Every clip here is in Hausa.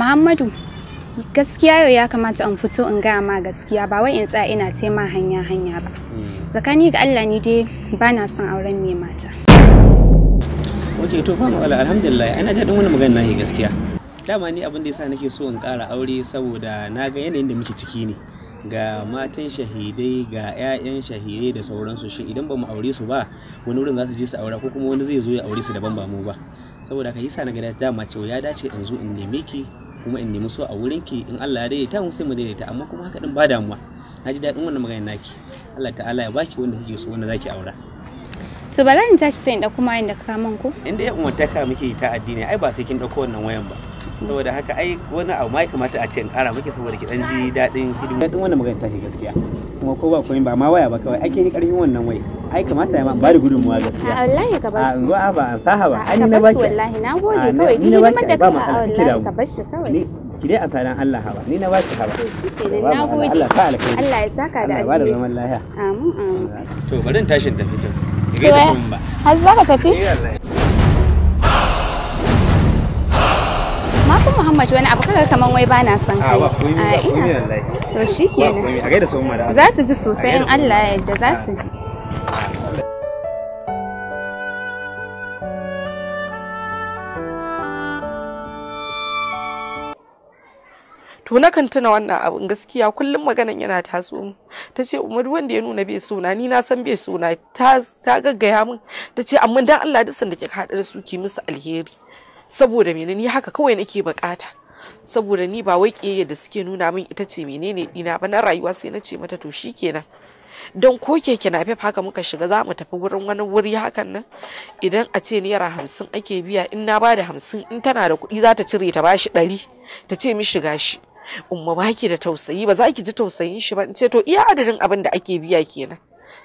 muhammadu gaskiya yau ya kamata in fito in gaya ma gaskiya ba wai in tsaya ina tema hanya hanya ba hmm. tsakani ga allah ni dai ba na son auren mai mata ok to ba mawala alhamdulillah ana daɗin wani magana nahi gaskiya dama ni abin da yasa nake so in ƙara aure saboda na ga yanayin da muke ciki ne ga matan shahidai ga 'ya'yan shahidai da sauransu shi idan ba mu aure su ba wani wurin za su je su aura ko kuma wani zai zo ya aure su daban ba mu ba saboda yi sa na ga dama cewa ya dace in zo in nemi ki kuma in nemi so a wurin ki in Allah ya daidaita mu sai mu daidaita amma kuma haka din ba damuwa na ji daɗin wannan magana naki Allah ta'ala ya baki wanda kike so wanda zaki aura to bala in tashi sai in dauko mayan da ka kaman ko inda ya ka muke ta addini ai ba sai kin dauko wannan wayan ba saboda haka ai wani abu ma kamata a ce ƙara miki saboda ki dan ji dadin hidima daɗin wannan magana take gaskiya kuma ko ba koyin ba ma waya ba kawai ake ni ƙarfin wannan wai ai kamata ya ma ba da gudunmuwa gaskiya a wallahi ka bar su a ba an saha ba an na baki wallahi na gode kawai ni hidimar da kai a wallahi ka bashi shi kawai ki dai a sanan Allah haba ni na ba ki haba Allah sa alkhairi Allah ya saka da alheri Allah ba da zaman lafiya amin amin to bari in tashin tafi to har za ka tafi Muhammad wani abu kaga kaman wai bana son ah, kai. A ah, ina. To shikenan. A gaida su umma Za su ji sosai in Allah ya yarda za su ji. to na kan tuna wannan abin gaskiya kullum maganan yana taso mu ta ce umar wanda ya nuna bai sona ni na san bai sona ta gaggaya min ta ce amma dan Allah duk sanda kika haɗu da su ki musu alheri saboda mene ni haka kawai nake bukata saboda ni ba wai kiyayya da suke nuna min ita ce menene dina ba na rayuwa sai na ce mata to shi kenan. don ko keke na haka muka shiga za mu tafi wurin wani wuri hakan nan idan a ce naira hamsin ake biya in na bada hamsin in tana da kuɗi za ta cire ta bashi ɗari ta ce mi shiga shi umma ba ki da tausayi ba za ki ji tausayin shi ba in ce to iya adadin abin da ake biya kenan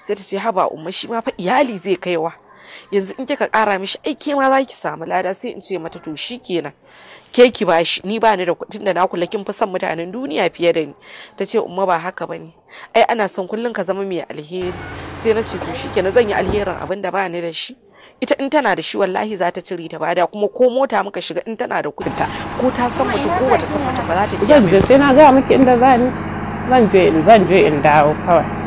sai ta ce haba umma shi ma fa iyali zai kaiwa yanzu in kika kara mishi ai ke ma za ki samu lada sai in ce mata to shi kenan ke ki bashi ni ba ni da kuɗin da na kula kin fi son mutanen duniya fiye da ni ta ce umma ba haka bane ai ana son kullum ka zama mai alheri sai na ce to shi kenan zan yi alherin abin da ba ni da shi ita in tana da shi wallahi za ta cire ta bada kuma ko mota muka shiga in tana da kuɗin ta ko ta san mutum ko wata san mutum ba za ta zan je sai na ga miki inda za ni zan je in zan je in dawo kawai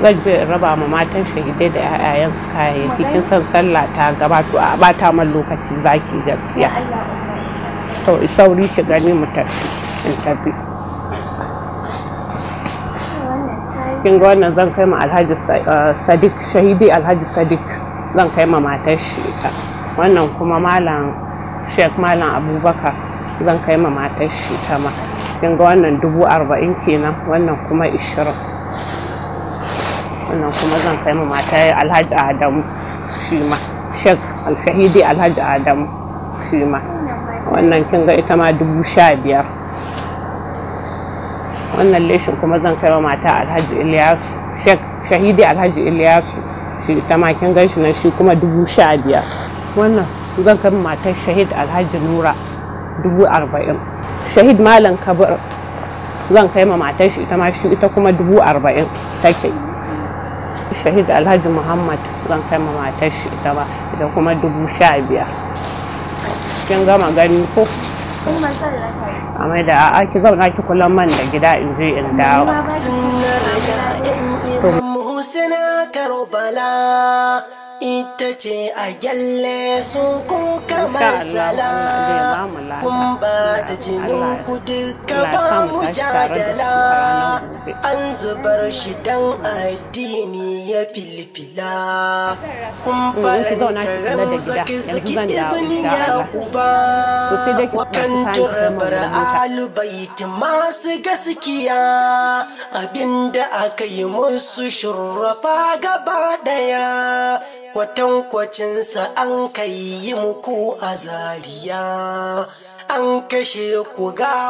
zan je in raba ma matan shahidai da 'ya'yan su kayayyaki kin san sallah ta gabato a bata man lokaci zaki gaskiya to sauri ki gani mu tafi in tafi kin ga wannan zan kai ma alhaji eh, sadiq shahidi alhaji sadiq zan kai ma matar shi wannan kuma malam sheik malam abubakar zan kai ma matar shi ta ma kin ga wannan dubu arba'in kenan wannan kuma ishirin sannan kuma zan kai mu mata alhaji adamu shi ma shek alshahidi alhaji adamu shi ma wannan kin ga ita ma dubu sha biyar wannan leshin kuma zan kai wa mata alhaji iliyasu shek shahidi alhaji iliyasu shi ita ma kin gan shi nan shi kuma dubu sha biyar wannan zan kai mata shahid alhaji nura dubu arba'in shahid malam kabir zan kai ma matar shi ita ma shi ita kuma dubu arba'in take shahid alhaji muhammad zan kai ma matar shi ita ba da kuma dubu sha biyar kin gama gani ko a mai da a ki zauna ki kulan man da gida in je in dawo ita ce a gyalle sun kuka masala kun ba da jinin ku duka ba mu jadala an zubar shi dan addini ya filfila kun faranta mm, ramzaki zaki ibn yaquba wakan turabar albaiti masu gaskiya abinda aka yi musu shurrafa gaba daya kwatankwacinsa an kai yi muku a a zariya an kashe ku ga